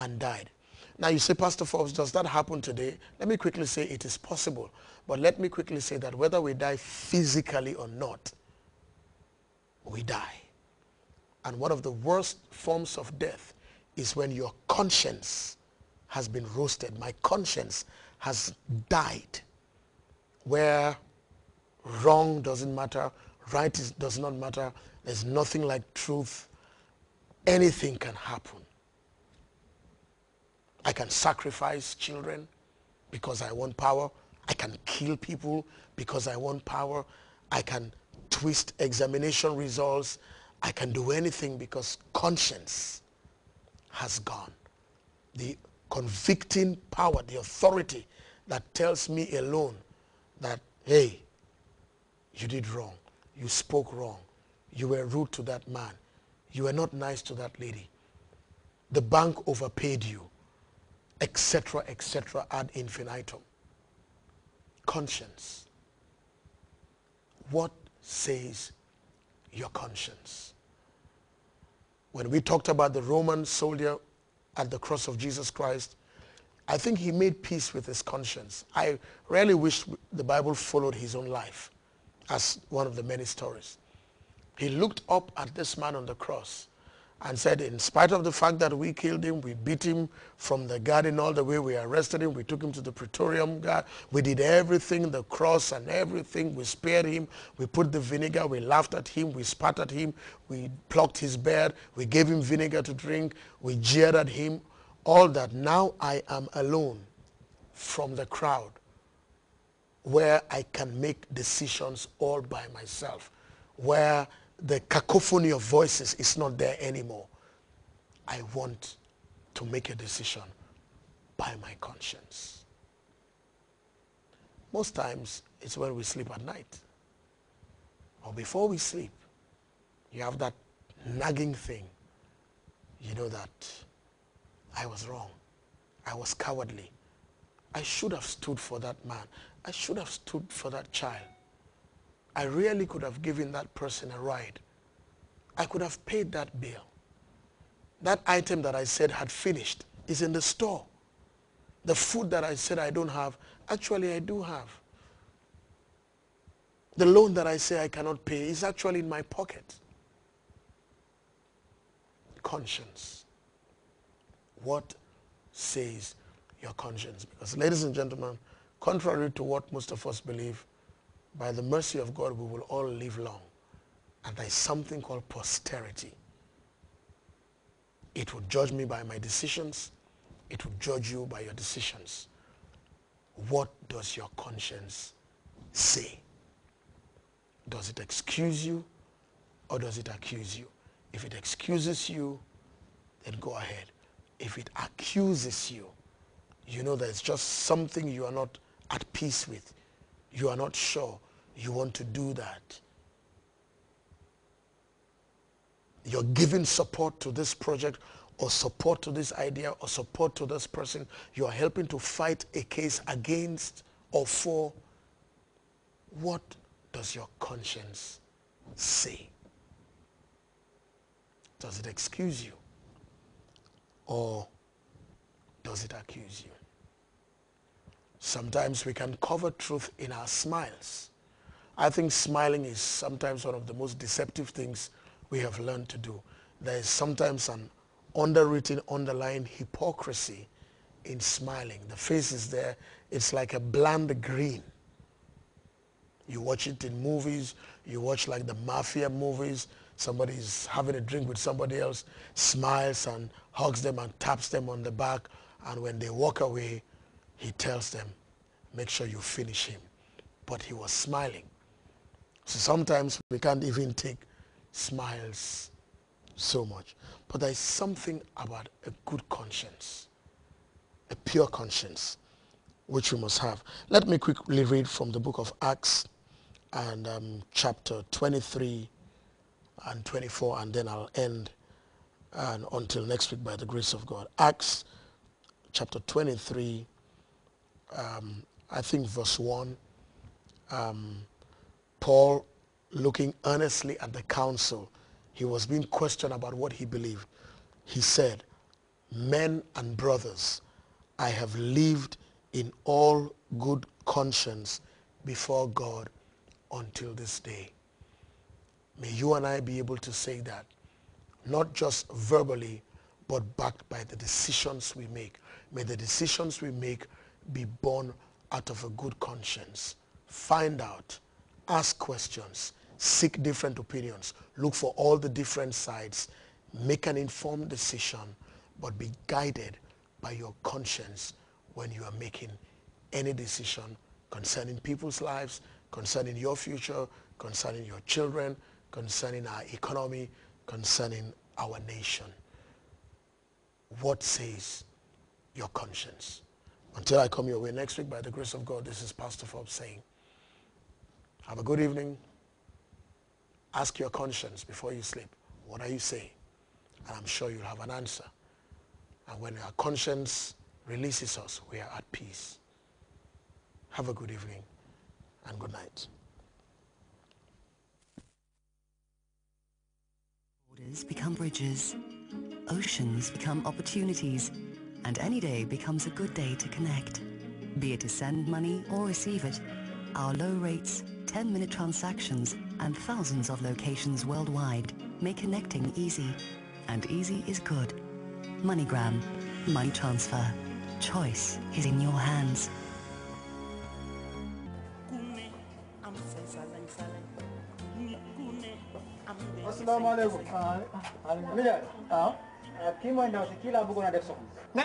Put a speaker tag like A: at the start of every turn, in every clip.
A: and died. Now you say, Pastor Forbes, does that happen today? Let me quickly say it is possible. But let me quickly say that whether we die physically or not, we die. And one of the worst forms of death is when your conscience has been roasted. My conscience has died. Where wrong doesn't matter, right is, does not matter, there's nothing like truth. Anything can happen. I can sacrifice children because I want power. I can kill people because I want power. I can twist examination results. I can do anything because conscience has gone. The convicting power, the authority that tells me alone that, hey, you did wrong. You spoke wrong. You were rude to that man. You were not nice to that lady. The bank overpaid you etc., etc., ad infinitum. Conscience. What says your conscience? When we talked about the Roman soldier at the cross of Jesus Christ, I think he made peace with his conscience. I really wish the Bible followed his own life as one of the many stories. He looked up at this man on the cross and said, in spite of the fact that we killed him, we beat him from the garden all the way, we arrested him, we took him to the praetorium guard, we did everything, the cross and everything, we spared him, we put the vinegar, we laughed at him, we spat at him, we plucked his beard, we gave him vinegar to drink, we jeered at him, all that. Now I am alone from the crowd where I can make decisions all by myself, where the cacophony of voices is not there anymore. I want to make a decision by my conscience. Most times, it's when we sleep at night or before we sleep. You have that nagging thing. You know that I was wrong. I was cowardly. I should have stood for that man. I should have stood for that child. I really could have given that person a ride. I could have paid that bill. That item that I said had finished is in the store. The food that I said I don't have, actually I do have. The loan that I say I cannot pay is actually in my pocket. Conscience. What says your conscience? Because ladies and gentlemen, contrary to what most of us believe, by the mercy of God, we will all live long. And there is something called posterity. It will judge me by my decisions. It will judge you by your decisions. What does your conscience say? Does it excuse you or does it accuse you? If it excuses you, then go ahead. If it accuses you, you know there's just something you are not at peace with. You are not sure you want to do that. You're giving support to this project or support to this idea or support to this person. You're helping to fight a case against or for. What does your conscience say? Does it excuse you? Or does it accuse you? Sometimes we can cover truth in our smiles. I think smiling is sometimes one of the most deceptive things we have learned to do. There is sometimes an underwritten, underlined hypocrisy in smiling. The face is there. It's like a bland green. You watch it in movies. You watch like the mafia movies. Somebody is having a drink with somebody else, smiles and hugs them and taps them on the back. And when they walk away, he tells them, make sure you finish him. But he was smiling. Sometimes we can't even take smiles so much. But there is something about a good conscience, a pure conscience, which we must have. Let me quickly read from the book of Acts and um, chapter 23 and 24, and then I'll end and until next week by the grace of God. Acts chapter 23, um, I think verse 1. Um, Paul looking earnestly at the council, he was being questioned about what he believed. He said, Men and brothers, I have lived in all good conscience before God until this day. May you and I be able to say that, not just verbally, but backed by the decisions we make. May the decisions we make be born out of a good conscience. Find out, ask questions, seek different opinions, look for all the different sides, make an informed decision, but be guided by your conscience when you are making any decision concerning people's lives, concerning your future, concerning your children, concerning our economy, concerning our nation. What says your conscience? Until I come your way next week, by the grace of God, this is Pastor Forbes saying, have a good evening. Ask your conscience before you sleep, what are you saying? And I'm sure you'll have an answer. And when our conscience releases us, we are at peace. Have a good evening and good night. Borders become bridges, oceans become opportunities, and any day becomes a good day to connect. Be it to send money or receive it, our low rates, 10-minute transactions, and thousands of locations worldwide make connecting easy. And easy is good. MoneyGram. Money transfer. Choice is in your hands. kimo bugo na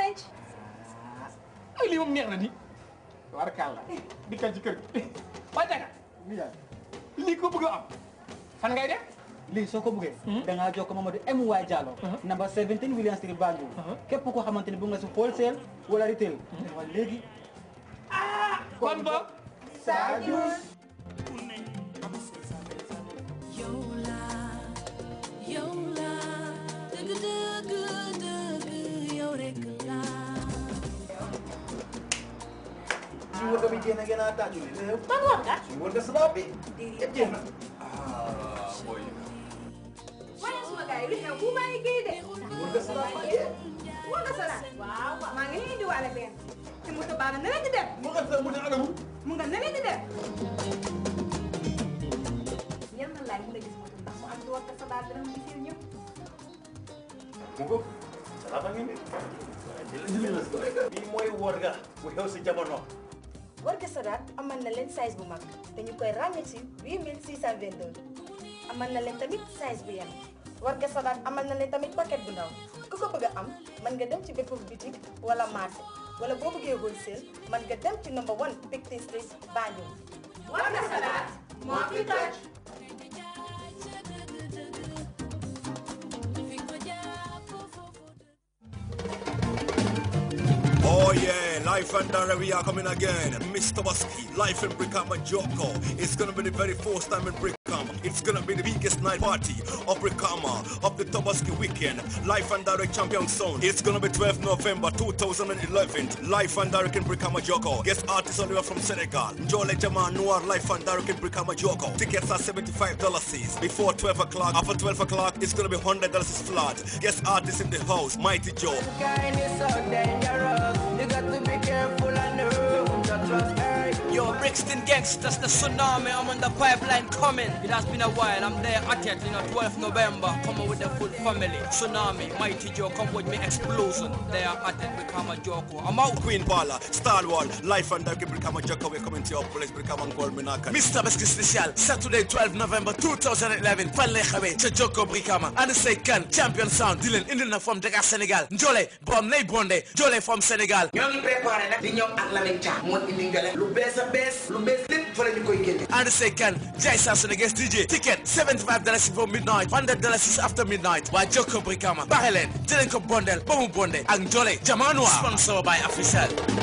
A: Ah, li mom merna di barkal di kal ci keur ba tata mi ya li ko bëgg am fan ngay dem li soko bëgge da number 17 william street bandou kep ko xamanteni bu nga ci wholesale wala retail legi ah kon bo she work with Jane again after you. Don't want that. She work with Sloppy. Yep, Jane. Ah, boy. Why is my guy? We have who my kid? Work with Sloppy. Work with Sloppy. Wow, what man he do all the time? He must have been a little bit. Work with Sloppy. Work with Sloppy. Work with Sloppy. Work Mungo, salamat ngayon. Jelas, jelas. Bimoy warga, we have si Jabono. warga Sodaat amal na leen size bu mag te ñu koy ràññee ci amal na leen tamit size bu yem warga Sodaat amal na leen tamit paquet bu ndaw ku ko bëgg am mën nga dem ci bépp boutique wala marché wala boo bëggee wholesale mën nga dem ci number one Picton Street Banjul. warga Sodaat moo Life and diarrhea coming again. Mr. Busky, life in Brickham and Joko. It's gonna be the very first time in Brickham. It's gonna be the biggest night party of Brickham, of the Tobaski weekend. Life and Direct Champion Sound. It's gonna be 12th November 2011. Life and Direct in Brickham Joko. Guest artist all the way from Senegal. Jole Jama Noir, Life and Direct in Brickham Joko. Tickets are $75 before 12 o'clock. After 12 o'clock, it's gonna be $100 flat. Guest artist in the house, Mighty Joe. You got to be careful and know. Yo, Brixton gangsters, the tsunami, I'm on the pipeline coming. It has been a while, I'm there at it, you know, 12th November, coming with the full family. Tsunami, Mighty Joe, come with me, explosion. There at it, become a joker. I'm out. Queen Star Stalwall, Life and Dark, become a joker. we're coming to your place, become a gold minaka. Mr. Besky Special, Saturday, 12th November, 2011, Palekhawe, Joko Brikama, and the second champion sound, Dylan, Indina from Dakar, Senegal, Jole, Brom Ney Bonde, Jole from Senegal. Young people, the young Atlantic, what in England, Lubesa. sa bees lu bees lépp fa la ñu koy génne and second ticket 75 dollars midnight 100 dollars after midnight waa Jokko Brikama bare leen jëleen ko bonde ak Njole Jamanuwa sponsor by official